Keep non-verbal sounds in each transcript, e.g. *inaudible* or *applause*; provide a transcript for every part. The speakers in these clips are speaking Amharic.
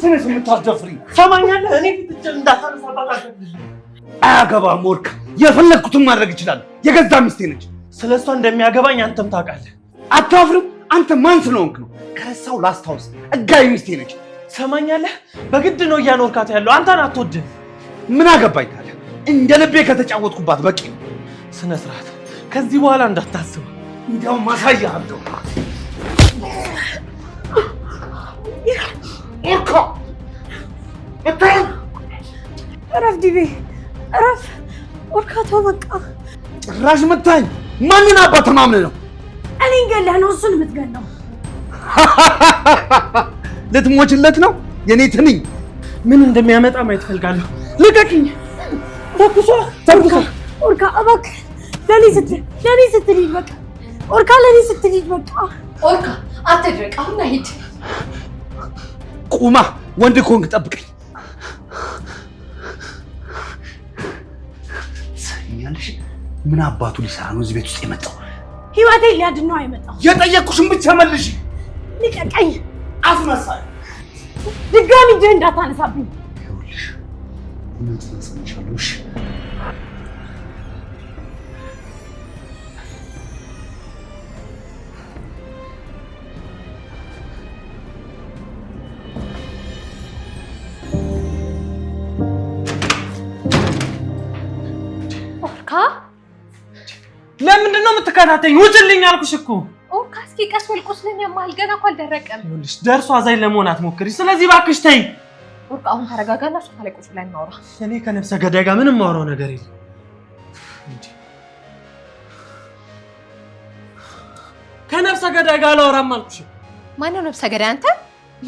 አንቺ ነሽ የምታስደፍሪ። ሰማኛለህ? እኔ ፊት አያገባም። ወርቅ የፈለግኩትን ማድረግ ይችላል። የገዛ ሚስቴ ነች። ስለ እሷ እንደሚያገባኝ አንተም ታውቃለህ። አታፍርም? አንተ ማን ስለሆንክ ነው? ከሰው ላስታውስ፣ እጋይ ሚስቴ ነች። ሰማኛለህ? በግድ ነው እያኖርካት ያለው። አንተን አትወድም። ምን አገባኝ ታለ? እንደ ልቤ ከተጫወትኩባት በቂ ነው። ስነ ስርዓት ከዚህ በኋላ እንዳታስብ። እንዲያውም ማሳያ አለው ሞርካ መታረም እረፍ፣ ዲቤ እረፍ። ሞርካ ተው በቃ። ጭራሽ መታኝ። ማንን አባት ተማምነህ ነው? እኔን ገለህ ነው እሱን የምትገለው? ልትሞችለት ነው? የኔ ትንኝ ምን እንደሚያመጣ ማየት እፈልጋለሁ። ልቀቅኝ። ተኩሶ ተኩሶ ኦርካ እባክህ ለኔ ስትል ለኔ ስትል በቃ ኦርካ ለኔ ስትል በቃ ኦርካ አትድረቅ። አሁን ሂድ ቁማ ወንድ ኮንግ ጠብቀኝ። ትሰሚኛለሽ? ምን አባቱ ሊሰራ ነው እዚህ ቤት ውስጥ የመጣው? ህይወቴ ሊያድን ነው የመጣው። የጠየቅኩሽን ብቻ መልሽ። ልቀቀኝ። አስመሳይ ድጋሚ እጅህ እንዳታነሳብኝ። ይኸውልሽ ምን ትነሳንሻለሽ አትከታተኝ፣ ውጭልኝ አልኩሽ እኮ። ካስኪ ቀስ በል ቁስለኛ ገና እኮ አልደረቀም። ይኸውልሽ ደርሶ አዛኝ ለመሆን አትሞክሪ። ስለዚህ እባክሽ ተይ። ወርቅ አሁን ተረጋጋና ሶፋ ላይ ቁጭ ብለን እናውራ። እኔ ከነፍሰ ገዳይ ጋር ምንም ማውራው ነገር የለም። ከነፍሰ ገዳይ ጋር አላወራም አልኩሽ። ማነው ነፍሰ ገዳይ? አንተ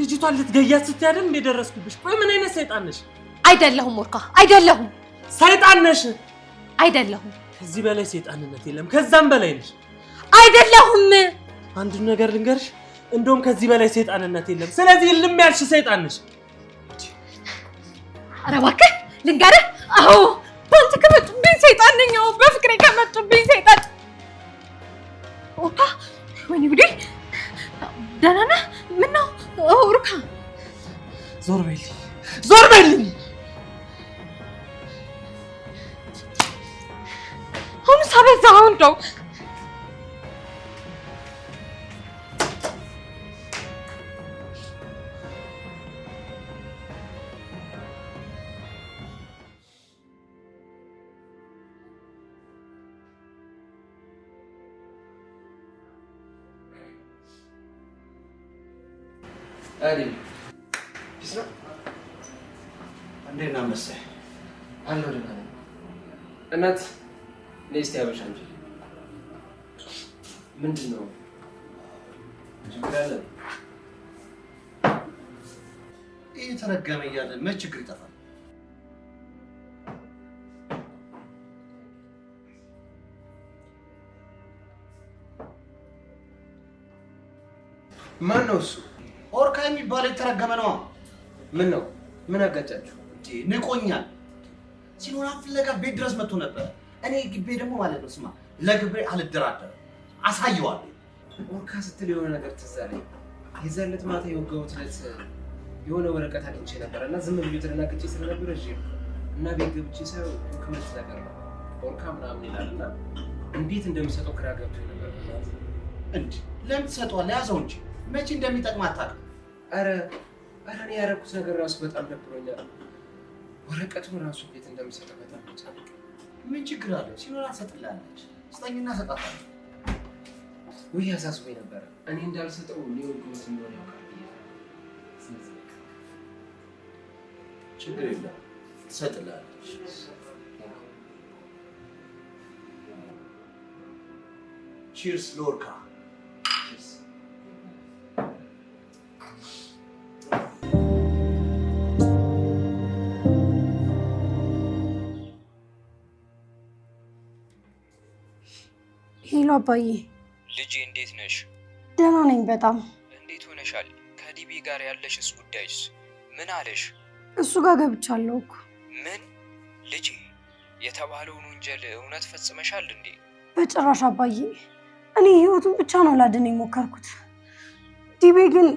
ልጅቷን ልትገያት ስትይ አይደል እንደደረስኩብሽ። ቆይ ምን አይነት ሰይጣን ነሽ? አይደለሁም ወርቃ፣ አይደለሁም። ሰይጣን ነሽ። አይደለሁም ከዚህ በላይ ሰይጣንነት የለም። ከዛም በላይ ነሽ። አይደለሁም። አንዱን ነገር ልንገርሽ፣ እንደውም ከዚህ በላይ ሰይጣንነት የለም። ስለዚህ ልም ያልሽ ሰይጣን ነሽ። ኧረ እባክህ ልንገርህ። አዎ በአንተ ከመጡብኝ ሰይጣን ነኝ። አዎ በፍቅሬ ከመጡብኝ ሰይጣን። ኦፓ ወይኔ ጉዴ! ደህና ነህ? ምነው ሩካ? ዞር በይልኝ፣ ዞር በይልኝ runter. Adim. Bismillah. እንዴት ናመሰ አለሁ ደህና ነኝ። እናት ነይ እስቲ አብረሽ አንቺ መች ችግር ይጠፋል? ማን ነው እሱ? ኦርካ የሚባለው የተረገመ ነዋ። ምን ነው? ምን አጋጫችሁ? ንቆኛል። ሲኖላ ፍለጋ ቤት ድረስ መጥቶ ነበር እኔ ግቤ ደግሞ ማለት ነው ስማ፣ ለግብሬ አልደራደርም፣ አሳየዋለሁ። ኦርካ ስትል የሆነ ነገር ትዝ አለኝ። የዛን ዕለት ማታ የወጋሁት ዕለት የሆነ ወረቀት አግኝቼ ነበር እና ዝም ብዬ ተደናግጬ ስለነበረ እ እና ቤት ገብቼ ሳይሆን ክመት ነገር ነው ወርካ ምናምን ይላል እና እንዴት እንደሚሰጠው ግራ ገብቶ ነበር። እንዲ ለምን ትሰጠዋለህ? ያዘው እንጂ መቼ እንደሚጠቅም አታውቅም። ኧረ ኧረ እኔ ያደረኩት ነገር ራሱ በጣም ደብሮኛል። ወረቀቱን ራሱ እንዴት እንደሚሰጠው በጣም ምን ችግር አለው? ሲኖር አንሰጥላለች ስጠኝና ሰጣታል። ውይ አሳስቦኝ ነበረ እኔ እንዳልሰጠው ሊወግ እንደሆነ ያውቃል ችግር የለም ትሰጥላለች። ቺርስ ሎርካ ሄሎ አባዬ ልጄ እንዴት ነሽ ደህና ነኝ በጣም እንዴት ሆነሻል ከዲቢ ጋር ያለሽስ ጉዳይስ ምን አለሽ እሱ ጋር ገብቻለሁ እኮ። ምን ልጄ፣ የተባለውን ወንጀል እውነት ፈጽመሻል እንዴ? በጭራሽ አባዬ፣ እኔ ህይወቱን ብቻ ነው ላድን የሞከርኩት። ዲቤ ግን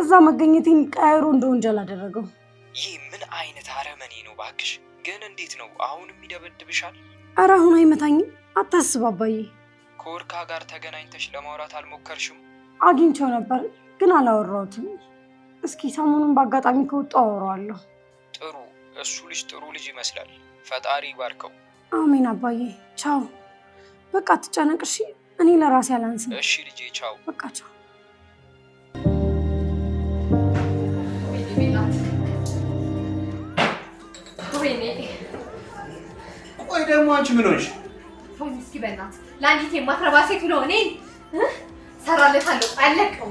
እዛ መገኘቴን ቀያይሮ እንደ ወንጀል አደረገው። ይህ ምን አይነት አረመኔ ነው ባክሽ! ግን እንዴት ነው አሁንም ይደበድብሻል? እረ አሁን አይመታኝም፣ አታስብ አባዬ። ከወርካ ጋር ተገናኝተሽ ለማውራት አልሞከርሽም? አግኝቸው ነበር ግን አላወራሁትም። እስኪ ሰሞኑን በአጋጣሚ ከወጡ አወራዋለሁ። እሱ ልጅ ጥሩ ልጅ ይመስላል። ፈጣሪ ይባርከው። አሜን አባዬ። ቻው። በቃ ትጨነቅ። እሺ። እኔ ለራሴ አላንስ። እሺ ልጄ ቻው። በቃ ቻው። ቆይ ደግሞ አንቺ ምን ሆንሽ? ሆን እስኪ በእናትህ ለአንዲት የማትረባ ሴት ብሎ እኔ ሰራለታለሁ አለቀው።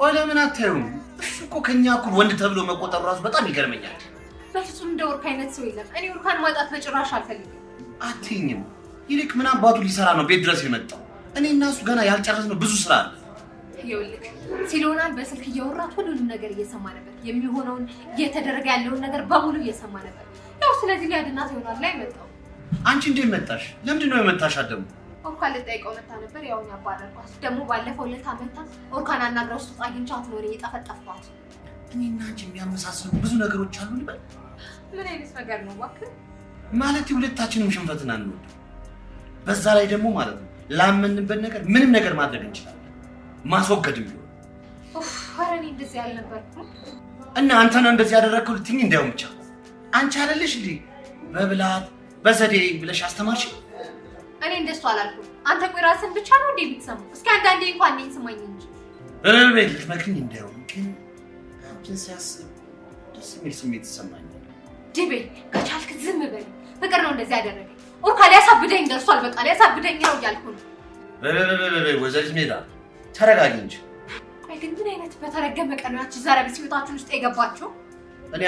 ቆይ ለምን አታዩም? እሱ እኮ ከኛ እኩል ወንድ ተብሎ መቆጠሩ ራሱ በጣም ይገርመኛል። በፍጹም እንደ ወርክ አይነት ሰው የለም። እኔ ወርካን ማጣት በጭራሽ አልፈልግም። አትይኝም። ይልቅ ምን አባቱ ሊሰራ ነው ቤት ድረስ የመጣው? እኔ እና እሱ ገና ያልጨረስነው ብዙ ስራ አለ። ይኸውልህ ሲሎናን በስልክ እያወራት ሁሉንም ነገር እየሰማ ነበር። የሚሆነውን እየተደረገ ያለውን ነገር በሙሉ እየሰማ ነበር። ያው ስለዚህ ሊያድናት ይሆናል ላይ መጣው። አንቺ እንዴት መጣሽ? ለምንድን ነው የመጣሽ? አደሙ እንኳን ልጠይቀው መታ ነበር። ያውን ያባረርኳት ደግሞ ባለፈው ለታ መታ ኦርካን አናግረው ስጥ አግኝቻት ነው እየጠፈጠፍኳት እኔና አንቺ የሚያመሳስሉ ብዙ ነገሮች አሉ ልበል። ምን አይነት ነገር ነው እባክህ? ማለት ሁለታችንም ሽንፈትን አንወድ። በዛ ላይ ደግሞ ማለት ነው ላመንበት ነገር ምንም ነገር ማድረግ እንችላለን፣ ማስወገድም ቢሆን። ኧረ እኔ እንደዚህ አልነበርኩም። እና አንተ ነህ እንደዚህ ያደረግከው ልትይኝ? እንዲያውም ብቻ አንቺ አይደለሽ እንዴ በብላት በዘዴ ብለሽ አስተማርሽ። እኔ እንደሱ አላልኩም። አንተ ቆይ ራስን ብቻ ነው እንዴ የምትሰማው? እስኪ አንዳንዴ እንኳን እኔን ስማኝ እንጂ በረበል ልትመክኝ እንዳይሆን ነገሮችን ሲያስብ ደስ የሚል ስሜት ይሰማኛል። ድቤ ከቻልክ ዝም በል። ፍቅር ነው እንደዚህ ያደረገ። ኦርካ ሊያሳብደኝ ደርሷል። በቃ ሊያሳብደኝ ነው እያልኩ ነው። ወይዘሪት ተረጋጊ እንጂ። ቆይ ግን ምን አይነት በተረገመ ቀን ናችሁ ዛሬ ውስጥ የገባችሁ? እኔ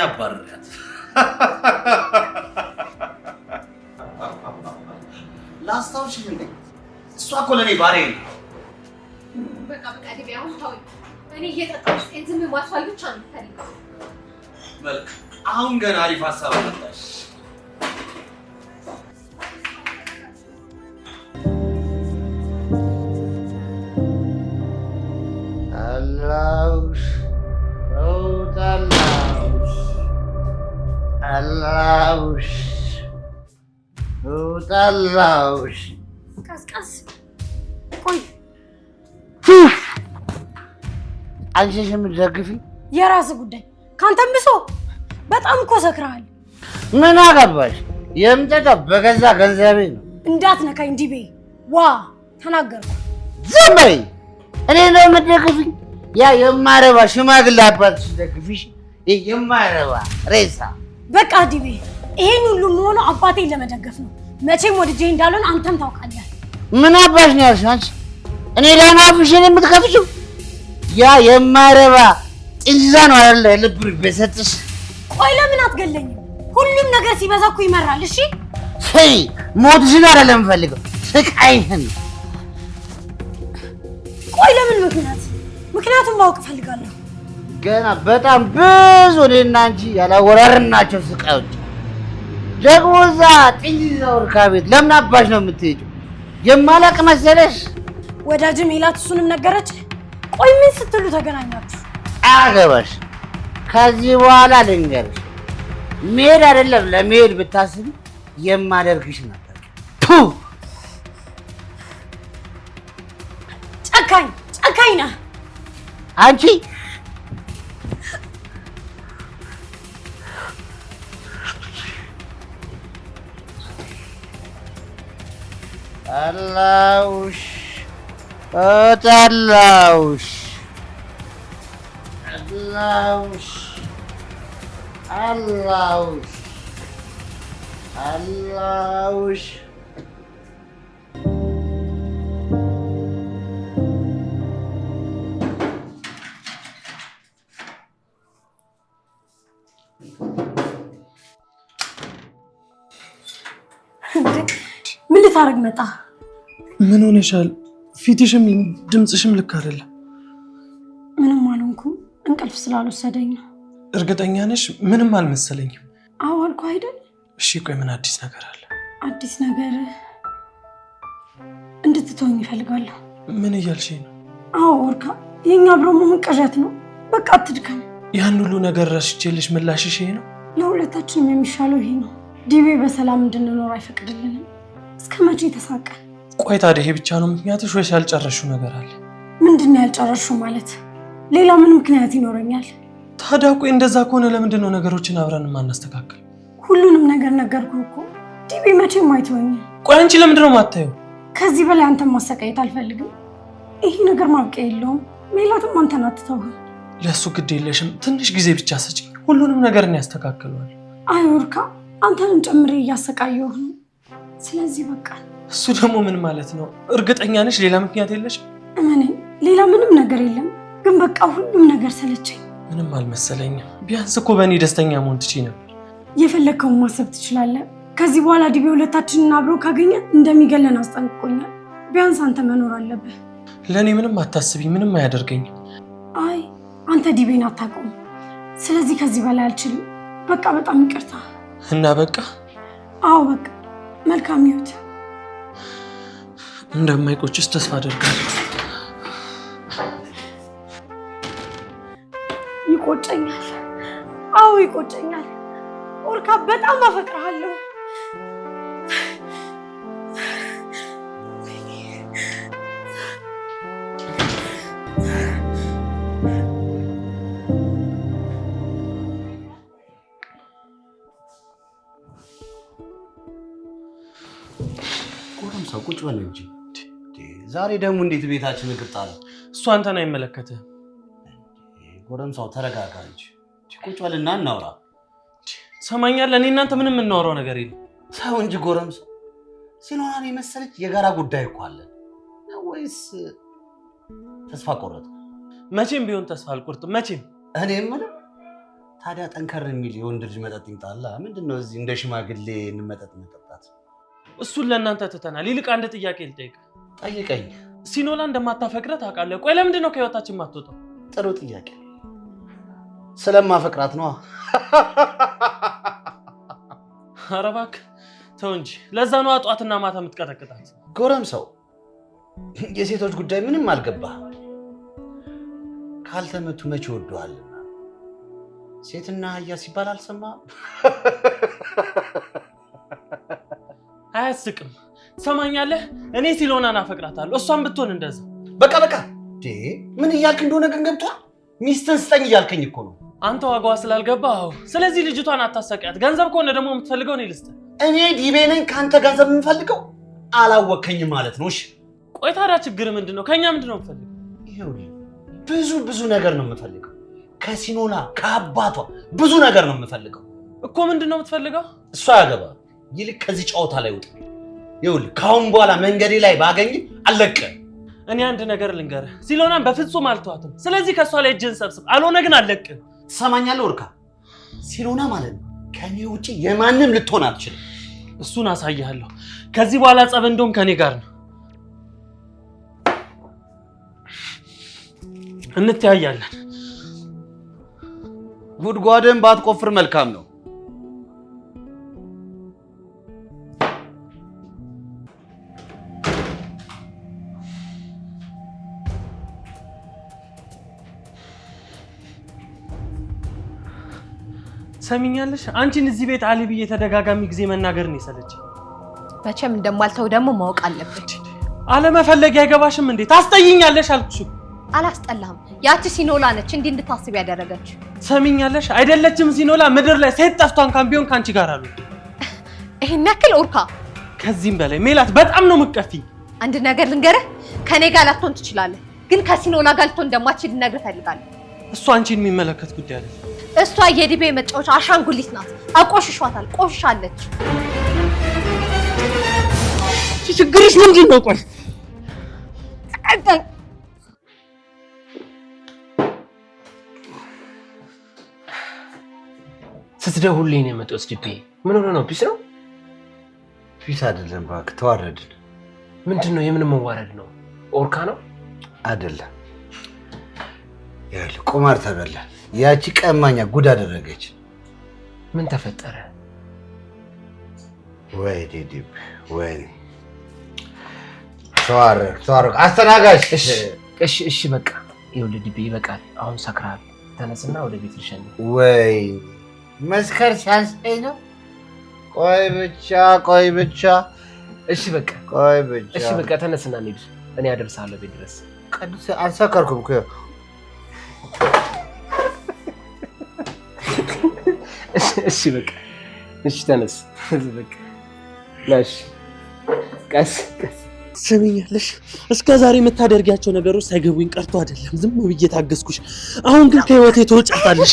ላስታውሽ፣ እሷ እኮ ለእኔ ባሬ ነው። በቃ በቃ ድቤ አሁን ተወኝ። እኔ እየጠጣሁ እንትን ማስዋል ብቻ ነው የምፈልገው። መልካም አሁን ገና አሪፍ ሀሳብ መጣሽ። ጠላሁሽ ጠላሁሽ አንቺ የምትደግፊ የራስ ጉዳይ ካንተም ብሶ በጣም እኮ ሰክረሃል። ምን አገባሽ? የምጠጣ በገዛ ገንዘቤ ነው። እንዳትነካኝ ዲቤ። ዋ ተናገርኩ። ዝም በይ። እኔ ነው የምትደግፊኝ? ያ የማረባ ሽማግሌ አባት ሲደግፊሽ የማረባ ሬሳ። በቃ ዲቤ፣ ይሄን ሁሉ የሆነው አባቴን ለመደገፍ ነው። መቼም ወድጄ እንዳልሆን አንተም ታውቃለህ። ምን አባሽ ነው ያልሽ አንቺ? እኔ ላናፍሽን የምትከፍችው ያ የማይረባ ጥንዛ ነው አይደለ? ልብ በሰጥሽ። ቆይ ለምን አትገለኝ? ሁሉም ነገር ሲበዛ እኮ ይመራል። እሺ ሄይ፣ ሞትሽን አይደለም ፈልገው ስቃይህን። ቆይ ለምን ምክንያት? ምክንያቱም ማወቅ እፈልጋለሁ። ገና በጣም ብዙ እኔና እንጂ ያላወራርናቸው ስቃዮች። ደግሞ እዛ ጥንዛ ወርካ ቤት ለምን አባሽ ነው የምትሄጂው? የማላቅ መሰለሽ? ወዳጅም ይላት እሱንም ነገረች ቆይ ምን ስትሉ ተገናኛችሁ? አገባሽ ከዚህ በኋላ ልንገርሽ፣ መሄድ አይደለም ለመሄድ ብታስብ የማደርግሽ ነበር። ጨካኝ ጨካኝ ነህ አንቺ። አላውሽ اتلاوش تعلوش تعلوش تعلوش من اللي فارق مطاه من هنا شال ፊትሽም ድምፅሽም ልክ አይደለም። ምንም አልሆንኩም፣ እንቅልፍ ስላልወሰደኝ ነው። እርግጠኛ ነሽ? ምንም አልመሰለኝም። አዎ አልኩህ አይደል? እሺ ቆይ ምን አዲስ ነገር አለ? አዲስ ነገር እንድትተወኝ ይፈልጋለሁ ምን እያልሽ ነው? አዎ ወርካ፣ የእኛ አብሮ መሆን ቅዠት ነው። በቃ አትድከም። ያን ሁሉ ነገር ረስቼልሽ ምላሽሽ ይሄ ነው? ለሁለታችንም የሚሻለው ይሄ ነው። ዲቤ በሰላም እንድንኖር አይፈቅድልንም። እስከ መቼ ተሳቀን? ቆይ ታዲያ ይሄ ብቻ ነው ምክንያትሽ ወይስ ያልጨረሽው ነገር አለ? ምንድን ነው ያልጨረሽው ማለት? ሌላ ምን ምክንያት ይኖረኛል? ታዲያ ቆይ እንደዛ ከሆነ ለምንድን ነው ነገሮችን አብረን ማናስተካከል? ሁሉንም ነገር ነገርኩ እኮ ዲቤ፣ መቼም አይተወኝም። ቆይ አንቺ ለምንድን ነው ማታየው? ከዚህ በላይ አንተን ማሰቃየት አልፈልግም። ይሄ ነገር ማብቂያ የለውም። ሜላትም አንተን አትተውህም። ለእሱ ግድ የለሽም። ትንሽ ጊዜ ብቻ ስጭኝ፣ ሁሉንም ነገር እኔ ያስተካክለዋል። አይ ወርካ፣ አንተንም ጨምሬ እያሰቃየሁ ነው። ስለዚህ በቃ እሱ ደግሞ ምን ማለት ነው? እርግጠኛ ነሽ ሌላ ምክንያት የለሽ? ምን ሌላ ምንም ነገር የለም፣ ግን በቃ ሁሉም ነገር ሰለቸኝ። ምንም አልመሰለኝም። ቢያንስ እኮ በእኔ ደስተኛ መሆን ትችይ ነበር። የፈለግከውን ማሰብ ትችላለህ። ከዚህ በኋላ ዲቤ ሁለታችንን አብሮ ካገኘ እንደሚገለን አስጠንቅቆኛል። ቢያንስ አንተ መኖር አለብህ። ለእኔ ምንም አታስቢ፣ ምንም አያደርገኝም። አይ አንተ ዲቤን አታውቀውም። ስለዚህ ከዚህ በላይ አልችልም። በቃ በጣም ይቅርታ እና በቃ አዎ፣ በቃ መልካም ይሁት እንደማይቆጭስ ተስፋ አደርጋለሁ። ይቆጨኛል። አዎ ይቆጨኛል። ኦርካ በጣም አፈቅርሃለሁ። ዛሬ ደግሞ እንዴት ቤታችን እግር ጣለ? እሱ አንተን አይመለከትህም። ጎረምሳው ተረጋጋ እንጂ ቁጭ በልና እናውራ። ትሰማኛለህ? እኔ እናንተ ምንም የምናወራው ነገር የለም። ሰው እንጂ ጎረምሳው ሲኖራን የመሰለች የጋራ ጉዳይ እኮ አለን። ወይስ ተስፋ ቆረጥ? መቼም ቢሆን ተስፋ አልቆርጥም። መቼም እኔ የምልህ ታዲያ ጠንከር የሚል የወንድ ልጅ መጠጥ ይምጣላ። ምንድነው እዚህ እንደ ሽማግሌ እንመጠጥ መጠጣት? እሱን ለእናንተ ትተናል። ይልቅ አንድ ጥያቄ ልጠይቅ ጠይቀኝ። ሲኖላ እንደማታፈቅረት አውቃለሁ። ቆይ ለምንድን ነው ከህይወታችን የማትወጣው? ጥሩ ጥያቄ። ስለማፈቅራት ነዋ። *laughs* ኧረ እባክህ ተው እንጂ። ለዛ ነዋ ጧትና ማታ የምትቀጠቅጣት። ጎረም ሰው የሴቶች ጉዳይ ምንም አልገባ። ካልተመቱ መቼ ወደዋል። ሴትና አህያ ሲባል አልሰማ? አያስቅም ሰማኛለህ? እኔ ሲሎናን አፈቅራታለሁ፣ እሷን ብትሆን እንደዛ። በቃ በቃ። ምን እያልክ እንደሆነ ግን ገብቷል። ሚስትን ስጠኝ እያልከኝ እኮ ነው። አንተ ዋጋዋ ስላልገባ። አዎ። ስለዚህ ልጅቷን አታሰቃያት። ገንዘብ ከሆነ ደግሞ የምትፈልገው እኔ ልስት እኔ ዲቤ ነኝ ከአንተ ገንዘብ የምፈልገው? አላወከኝም ማለት ነው። እሺ ቆይ ታዲያ ችግር ምንድን ነው? ከእኛ ምንድን ነው የምፈልገው? ብዙ ብዙ ነገር ነው የምፈልገው ከሲኖላ ከአባቷ ብዙ ነገር ነው የምፈልገው እኮ። ምንድን ነው የምትፈልገው? እሷ ያገባ ይልቅ ከዚህ ጨዋታ ላይ ውጣ። ይኸውልህ ከአሁን በኋላ መንገዴ ላይ ባገኝ አለቀ። እኔ አንድ ነገር ልንገርህ፣ ሲሎናን በፍጹም አልተዋትም። ስለዚህ ከእሷ ላይ እጅን ሰብስብ፣ አልሆነ ግን አለቅ ትሰማኛለህ ወርካ? ሲሎና ማለት ነው ከኔ ውጭ የማንም ልትሆን አትችልም። እሱን አሳይሃለሁ። ከዚህ በኋላ ጸብ እንደውም ከኔ ጋር ነው። እንተያያለን። ጉድጓድን ባትቆፍር መልካም ነው። ትሰሚኛለሽ? አንቺን እዚህ ቤት አሊ ብዬ ተደጋጋሚ ጊዜ መናገር ነው ሰለች መቼም እንደማልተው ደግሞ ማወቅ አለበት። አለመፈለግ አይገባሽም እንዴ? ታስጠይኛለሽ አልኩሽ። አላስጠላም። ያቺ ሲኖላ ነች እንዲህ እንድታስብ ያደረገች። ሰሚኛለሽ? አይደለችም ሲኖላ፣ ምድር ላይ ሴት ጠፍቶ እንኳን ቢሆን ከአንቺ ጋር አሉ። ይሄን ያክል ኦርካ፣ ከዚህም በላይ ሜላት፣ በጣም ነው የምትቀፊኝ። አንድ ነገር ልንገርህ፣ ከኔ ጋር ላትሆን ትችላለህ፣ ግን ከሲኖላ ጋር ልትሆን እንደማትችል ልነግርህ እፈልጋለሁ። እሱ አንቺን የሚመለከት ጉዳይ አይደለም። እሷ የዲቤ መጫወቻ አሻንጉሊት ናት። አቆሽሿታል፣ ቆሽሻለች። ችግርሽ ምንድን ነው? ቆይ ስትደውልልኝ ነው የመጣሁት። ዲቤ ምን ሆነ ነው? ፒስ ነው? ፒስ አይደለም እባክህ፣ ተዋረድን። ምንድን ነው? የምን መዋረድ ነው? ኦርካ ነው አይደለም? ያለ ቁማር ተበላል ያቺ ቀማኛ ጉድ አደረገች። ምን ተፈጠረ? ወይ ዲብ ወይ ተዋረቅ አስተናጋጅ እሺ እሺ፣ በቃ ይኸውልህ ይበቃል። አሁን ሰክራል። ተነስና ወደ ቤት ልሸኝ። ወይ መስከር ሲያንሰኝ ነው። ቆይ ብቻ ቆይ ብቻ። እሺ በቃ ቆይ ብቻ። እሺ በቃ ተነስና እንሂድ። እኔ አደርሳለሁ ቤት ድረስ። ቅዱስ አልሰከርኩም እኮ እሺ በቃ እሺ፣ ተነስ። በቃ ቀስ እስከ ዛሬ የምታደርጊያቸው ነገሮች ሳይገቡኝ ቀርቶ አይደለም ዝም ብዬ ታገዝኩሽ። አሁን ግን ከህይወቴ ትወጫታለሽ።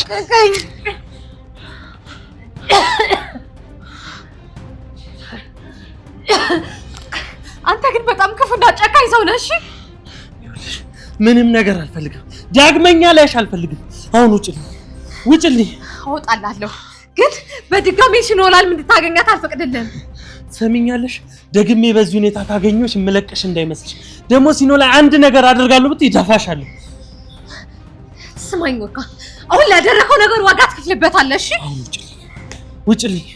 አንተ ግን በጣም ክፉና ጨካኝ ሰው ነሽ። ምንም ነገር አልፈልግም። ዳግመኛ ላይሽ አልፈልግም። አሁን ውጭልኝ፣ ውጭልኝ። አወጣላለሁ ግን በድጋሚ ሽኖላል ምን ታገኛት አልፈቅድልህም። ሰሚኛለሽ? ደግሜ በዚህ ሁኔታ ካገኘሽ ምለቅሽ እንዳይመስልሽ። ደግሞ ሲኖላ አንድ ነገር አደርጋለሁ ብት ይደፋሻለሁ። ስማኝ ወካ፣ አሁን ላደረከው ነገር ዋጋ ትከፍልበታለህ። እሺ ውጭልኝ።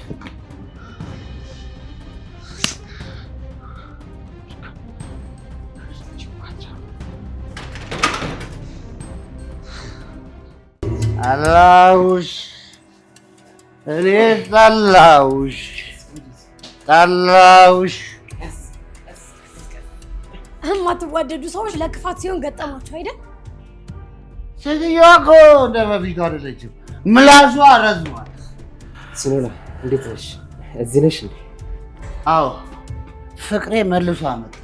አላሁሽ እኔ ጠላሁሽ ጠላሁሽ። የማትዋደዱ ሰዎች ለክፋት ሲሆን ገጠማችሁ አይደል? ሴትዮዋ እኮ እንደ በፊቱ አይደለችም፣ ምላሷ ረዝሟል። ሲኖላ እንዴት ነሽ? እዚህ ነሽ? አዎ፣ ፍቅሬ መልሶ አመጣት።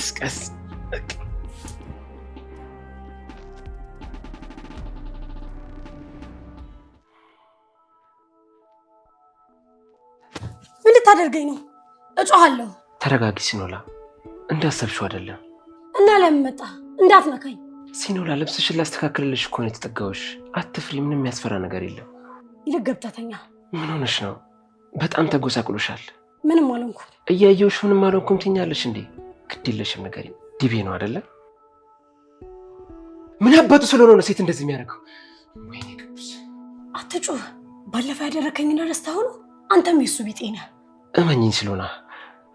ቀስቀስ ምን ልታደርገኝ ነው? እጮሃለሁ። ተረጋጊ ሲኖላ፣ እንዳሰብሽው አይደለም። እና ለምን መጣ? እንዳትነካኝ ሲኖላ። ልብስሽን ላስተካክልልሽ እኮ ነው የተጠጋሁሽ። አትፍሪ፣ ምንም የሚያስፈራ ነገር የለም። ይልቅ ገብተተኛ። ምን ሆነሽ ነው? በጣም ተጎሳቅሎሻል። ምንም አልሆንኩም። እያየሁሽ ምንም አልሆንኩም ትኛለሽ እንዴ? ግድለሽም ነገር ዲቤ ነው አደለ? ምን አባቱ ስለሆነ ነው ሴት እንደዚህ የሚያደርገው? ወይኔ ቅዱስ፣ አትጩህ። ባለፈው ያደረከኝና ደስታ ሆኖ አንተም የሱ ቢጤ ነህ። እመኝኝ ስለሆነ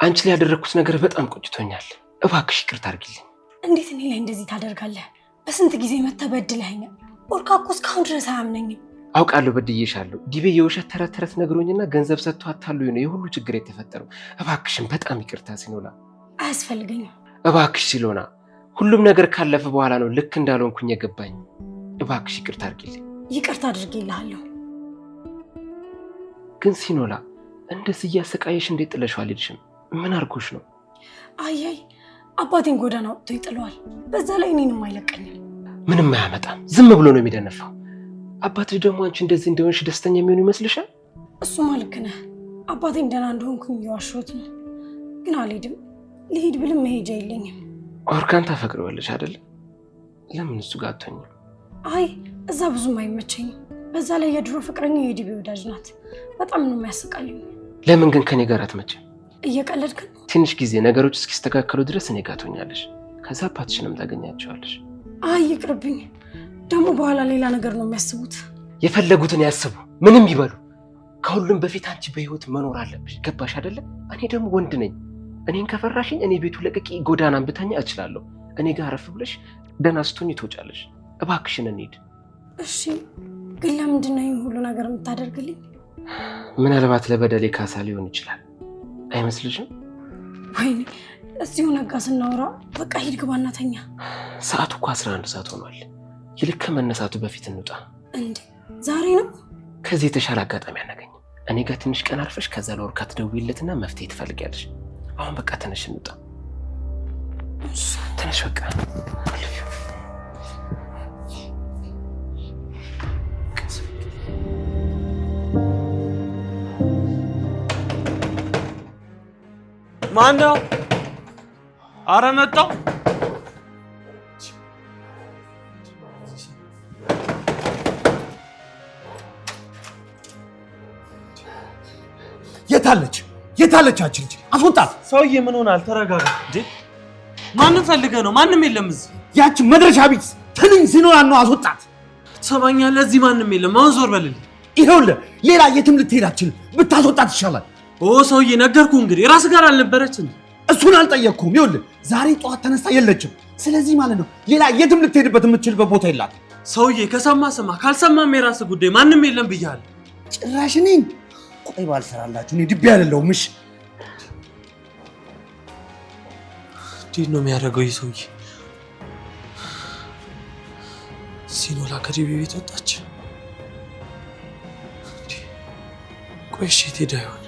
አንቺ ላይ ያደረግኩት ነገር በጣም ቆጭቶኛል። እባክሽ ይቅርታ አድርጊልኝ። እንዴት እኔ ላይ እንደዚህ ታደርጋለህ? በስንት ጊዜ መተህ በድለኸኛል። ኦርካ እኮ እስካሁን ድረስ አያምነኝም። አውቃለሁ፣ በድዬሻለሁ። ዲቤ የውሸት ተረት ተረት ነግሮኝና ገንዘብ ሰጥቶ አታሉ ነው የሁሉ ችግር የተፈጠረው። እባክሽን በጣም ይቅርታ ሲኖላ አያስፈልገኝም። እባክሽ ሲሎና፣ ሁሉም ነገር ካለፈ በኋላ ነው ልክ እንዳልሆንኩኝ የገባኝ። እባክሽ ይቅርታ አድርጊልኝ። ይቅርታ አድርጌልሃለሁ። ግን ሲኖላ፣ እንደዚህ እያሰቃየሽ እንዴት ጥለሽው አልሄድሽም? ምን አርጎሽ ነው? አያይ አባቴን ጎዳና ወጥቶ ይጥለዋል። በዛ ላይ እኔንም አይለቀኝም። ምንም አያመጣም። ዝም ብሎ ነው የሚደነፋው። አባትሽ ደግሞ አንቺ እንደዚህ እንደሆንሽ ደስተኛ የሚሆኑ ይመስልሻል? እሱማ ልክ ነህ። አባቴን ደህና እንደሆንኩኝ እየዋሸሁት ነው። ግን አልሄድም ሊሄድ ብልም መሄጃ የለኝም። ኦርካን ታፈቅረዋለች አይደል? ለምን እሱ ጋር አትሆኝም? አይ እዛ ብዙም አይመቸኝም። በዛ ላይ የድሮ ፍቅረኛ የዲቢ ወዳጅ ናት። በጣም ነው የሚያስቃየኝ። ለምን ግን ከኔ ጋር አትመጭም? እየቀለድክ ነው። ትንሽ ጊዜ ነገሮች እስኪስተካከሉ ድረስ እኔ ጋር ትሆኛለሽ። ከዛ አባትሽንም ታገኛቸዋለሽ። አይ ይቅርብኝ። ደግሞ በኋላ ሌላ ነገር ነው የሚያስቡት። የፈለጉትን ያስቡ፣ ምንም ይበሉ። ከሁሉም በፊት አንቺ በህይወት መኖር አለብሽ። ገባሽ አይደለም? እኔ ደግሞ ወንድ ነኝ። እኔን ከፈራሽኝ እኔ ቤቱ ለቅቄ ጎዳና ብተኛ እችላለሁ። እኔ ጋር አረፍ ብለሽ ደህና ስቶኝ ትወጫለሽ። እባክሽን እንሂድ። እሺ፣ ግን ለምንድን ነው ሁሉ ነገር የምታደርግልኝ? ምናልባት ለበደሌ ካሳ ሊሆን ይችላል። አይመስልሽም? ወይኔ እዚሁ ነጋ ስናወራ በቃ ሂድ ግባና ተኛ። ሰዓቱ እኮ አስራ አንድ ሰዓት ሆኗል። ይልክ ከመነሳቱ በፊት እንውጣ። እንዴ ዛሬ ነው? ከዚህ የተሻለ አጋጣሚ አናገኝም። እኔ ጋር ትንሽ ቀን አርፈሽ ከዛ ለወርካ ትደውይለትና መፍትሄ ትፈልጊያለሽ። አሁን በቃ ትንሽ እንውጣ። ትንሽ በቃ ማን ነው? አረ መጣው የታለች አንቺ ልጅ? አስወጣት። ሰውዬ ምን ሆናል? ተረጋጋ። እንዴ ማንም ፈልገ ነው? ማንም የለም እዚህ። ያቺ መድረሻ ቢት ትንኝ ሲኖራን ነው። አስወጣት። ትሰማኛለህ? እዚህ ማንም የለም። አሁን ዞር በልልኝ። ይኸውልህ ሌላ የትም ልትሄድ አትችልም። ብታስወጣት ይሻላል። ኦ ሰውዬ ነገርኩ እንግዲህ ራስ ጋር አልነበረች እንዴ? እሱን አልጠየቅኩም። ይኸውልህ ዛሬ ጠዋት ተነስታ የለችም። ስለዚህ ማለት ነው ሌላ የትም ልትሄድበት የምትችልበት ቦታ የላትም። ሰውዬ ከሰማ ሰማ፣ ካልሰማም የራስ ጉዳይ። ማንም የለም ብያለሁ። ጭራሽ እኔ ቆይ ባልሰራላችሁ እኔ ድቤ አይደለሁም። እሺ እንዴት ነው የሚያደርገው? ይህ ሰውዬ ሲኖላ ከዲቤ ቤት ወጣች። ቆይ እሺ፣ የት ሄዳ ይሆን?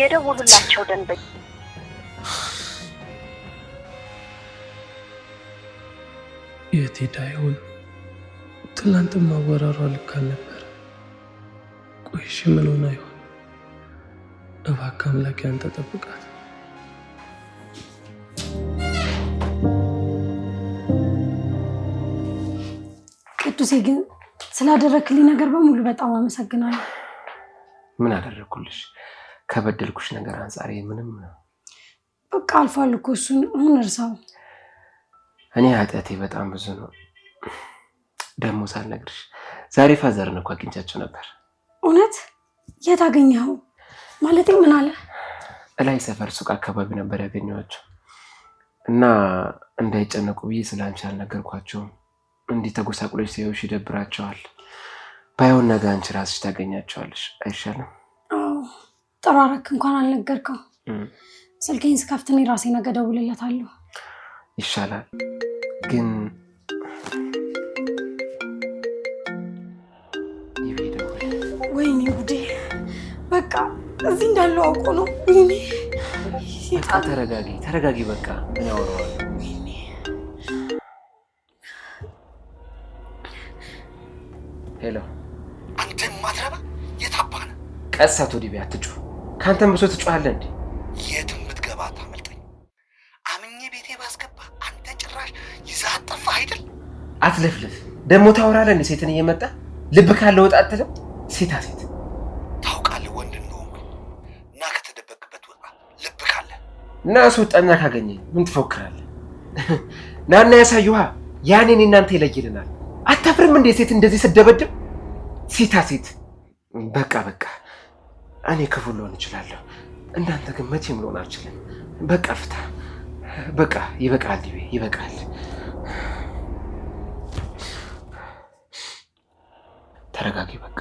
የደወሉላቸው ደንበኛ የት ሄዳ ይሆን? ትላንት ማወራሯ ልክ አልነበረ። ቆይሽ ምን ሆና ይሆን? እባክህ አምላክ ያንተ ጠብቃት። ቅዱሴ ግን ስላደረክልኝ ነገር በሙሉ በጣም አመሰግናለሁ። ምን አደረግኩልሽ? ከበደልኩሽ ነገር አንጻር ምንም ነው። በቃ አልፏል እኮ እሱን አሁን እርሳው። እኔ ኃጢአቴ በጣም ብዙ ነው። ደግሞ ሳልነግርሽ ዛሬ ፋዘርን እኮ አግኝቻቸው ነበር። እውነት? የት አገኘኸው? ማለቴ ምን አለ? እላይ ሰፈር ሱቅ አካባቢ ነበር ያገኘኋቸው እና እንዳይጨነቁ ብዬ ስለ አንቺ አልነገርኳቸውም። እንዲህ ተጎሳቁሎች ሲያዩሽ ይደብራቸዋል። ባይሆን ነገ አንቺ ራስሽ ታገኛቸዋለሽ አይሻልም? ጥሩ አደረክ እንኳን አልነገርከው። ስልኬን ስከፍት እኔ ራሴ ነገ እደውልለታለሁ። ይሻላል ግን ወይኔ ጉዴ! በቃ እዚህ እንዳለው አውቆ ነው። ወይኔ ተረጋጊ፣ ተረጋጊ። በቃ ምን ያወራዋል? ሄሎ፣ አንተ ማትረባ የታባህ ነህ። ቀስ አቶ ዲቤ አትጩህ። ከአንተም ብሶ ትጮሃለህ እንዴ? አትለፍልፍ። ደግሞ ታወራለህ ሴትን እየመጣ ልብ ካለው ወጣ አትልም። ሴታ ሴት ታውቃለህ፣ ወንድ እንደሆንኩ እና ከተደበቅበት ወጣ። ልብ ካለ እና አስወጣና ካገኘ ምን ትፎክራለህ? ናና ያሳዩሃ። ያኔን እናንተ ይለይልናል። አታፍርም እንዴ ሴት እንደዚህ ስደበድብ? ሴታ ሴት በቃ በቃ። እኔ ክፉ ልሆን እችላለሁ፣ እናንተ ግን መቼም ልሆን አልችልም። በቃ ፍታ፣ በቃ ይበቃል፣ ይበቃል። ተረጋጊ። በቃ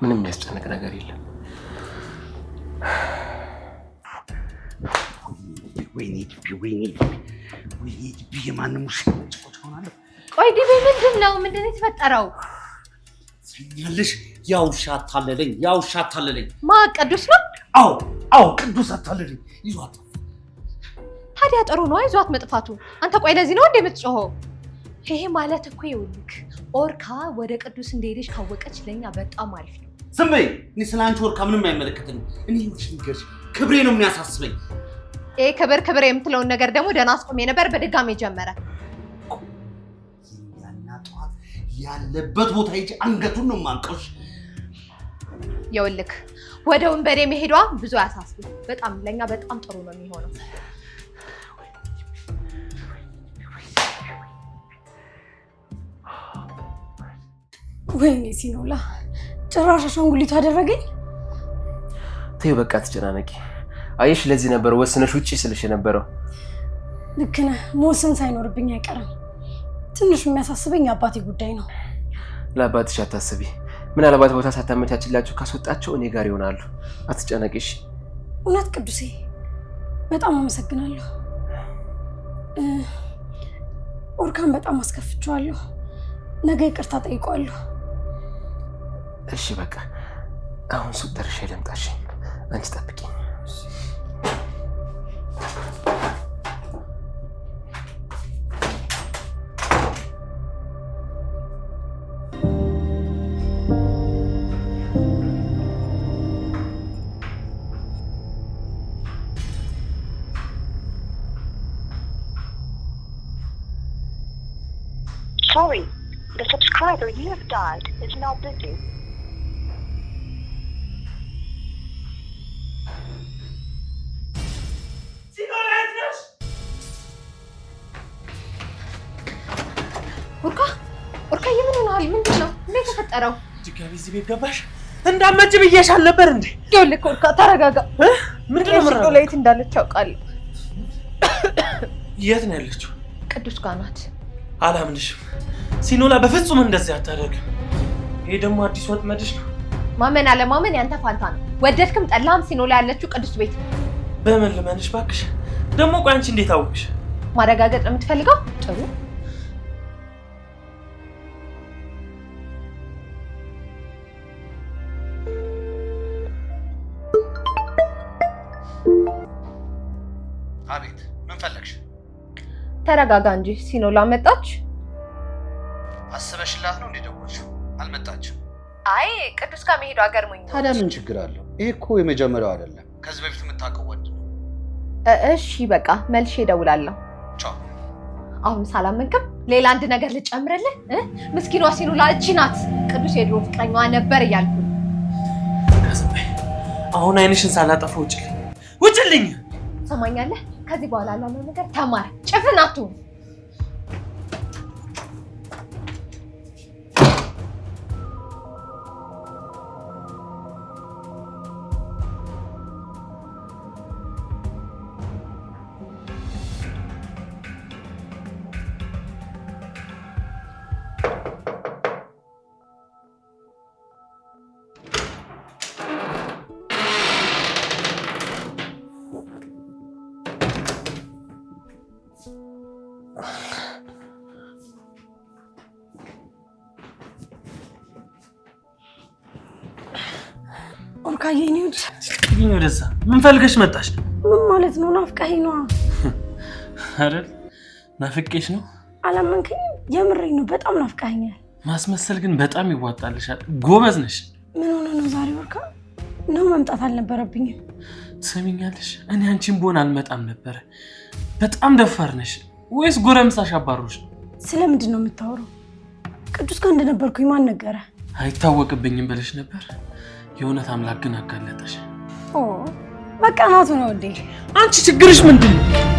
ምንም የሚያስጨንቅ ነገር የለም። የማንም ቆይ ዲቤ፣ ምንድን ነው ምንድን ነው የተፈጠረው? ትኛለሽ? ያ ውሻ አታለለኝ፣ ያ ውሻ አታለለኝ። ማ ቅዱስ ነው? አዎ፣ አዎ፣ ቅዱስ አታለለኝ። ይዟት። ታዲያ ጥሩ ነው ይዟት መጥፋቱ። አንተ ቆይ፣ ለዚህ ነው እንደ ይሄ ማለት እኮ ይኸውልህ ኦርካ ወደ ቅዱስ እንደሄደች ካወቀች ለኛ በጣም አሪፍ ነው። ዝም በይ። እኔ ስለ አንቺ ኦርካ ምንም አይመለከትም። እኔ ሽንገር ክብሬ ነው የሚያሳስበኝ። ይሄ ክብር ክብር የምትለውን ነገር ደግሞ ደህና አስቆሜ ነበር፣ በድጋሚ ጀመረ። ያናቷ ያለበት ቦታ ሂጅ፣ አንገቱን ነው ማንቀሽ። ይኸውልህ ወደ ወንበዴ መሄዷ ብዙ አያሳስብም። በጣም ለእኛ በጣም ጥሩ ነው የሚሆነው ወይኔ ሲኖላ ጭራሽ አሻንጉሊቱ አደረገኝ። ተይው በቃ ትጨናነቂ። አየሽ ለዚህ ነበር ወስነሽ ውጭ ስልሽ የነበረው። ልክ ነህ፣ መወሰን ሳይኖርብኝ አይቀርም። ትንሹ የሚያሳስበኝ አባቴ ጉዳይ ነው። ለአባትሽ አታስቢ። ምናልባት ቦታ ሳታመቻችላቸው ካስወጣቸው እኔ ጋር ይሆናሉ። አትጨነቂሽ። እውነት ቅዱሴ በጣም አመሰግናለሁ። ኦርካን በጣም አስከፍቼዋለሁ። ነገ ይቅርታ ጠይቋለሁ። እሺ በቃ አሁን ሱቅ ደርሼ ልምጣሽ። አንቺ ጠብቂኝ። Sorry, the subscriber you have dialed is now busy. ኡርካ ኡርካ፣ የምን ሆነሃል? ምንድን ነው እንዴ የተፈጠረው? ድጋሚ እዚህ ቤት ገባሽ? እንዳመጭ ብዬሽ አልነበር እንዴ? ይኸውልህ ኡርካ፣ ተረጋጋ። ምንድን ነው ምራ ለየት እንዳለች ያውቃለሁ። የት ነው ያለችው? ቅዱስ ጋር ናት። አላምንሽም ሲኖላ፣ በፍጹም እንደዚህ አታደርግም። ይሄ ደግሞ አዲስ ወጥመድሽ ነው። ማመን አለማመን ያንተ ፋንታ ነው። ወደድክም ጠላህም ሲኖላ ያለችው ቅዱስ ቤት ነው። በምን ልመንሽ እባክሽ? ደግሞ ቆይ አንቺ እንዴት አወቅሽ? ማረጋገጥ ነው የምትፈልገው? ጥሩ ተረጋጋ እንጂ ሲኖላ መጣች? አስበሽላት ነው እንዴ ደወልሽው? አልመጣችም። አይ ቅዱስ ከመሄዱ አገርሞኝ። ታዲያ ምን ችግር አለው? ይሄ እኮ የመጀመሪያው አይደለም። ከዚህ በፊት የምታውቀው ወንድ ነው። እሺ በቃ መልሼ እደውላለሁ። ቻው። አሁን ሳላመንክም ሌላ አንድ ነገር ልጨምርልህ። ምስኪኗ ሲኖላ እቺ ናት ቅዱስ የድሮ ፍቅረኛዋ ነበር እያልኩ አሁን አይንሽን ሳላጠፋ ውጭ ውጭልኝ። ሰማኛለህ ከዚህ በኋላ ላለው ነገር ተማር፣ ጭፍን አትሁን። ወርቃዬ፣ እኔ ወዲህ እስኪኝ ወደዛ። ምን ፈልገሽ መጣሽ? ምን ማለት ነው? ናፍቀኝ ነው አይደል? ናፍቄሽ ነው። አላመንከኝ? የምሬኝ ነው። በጣም ናፍቀኸኛል። ማስመሰል ግን በጣም ይዋጣልሻል። ጎበዝ ነሽ። ምን ሆነ ነው ዛሬ ወርቃ? ነው መምጣት አልነበረብኝም። ትሰሚኛለሽ? እኔ አንቺን ብሆን አልመጣም ነበረ። በጣም ደፋር ነሽ። ወይስ ጎረምሳሽ አባሮች ስለምንድን ነው የምታወረው? ቅዱስ ጋር እንደነበርኩኝ ማን ነገረ? አይታወቅብኝም ብለሽ ነበር የእውነት አምላክ ግን አጋለጠሽ። መቀናቱ ነው እንዴ? አንቺ ችግርሽ ምንድን ነው?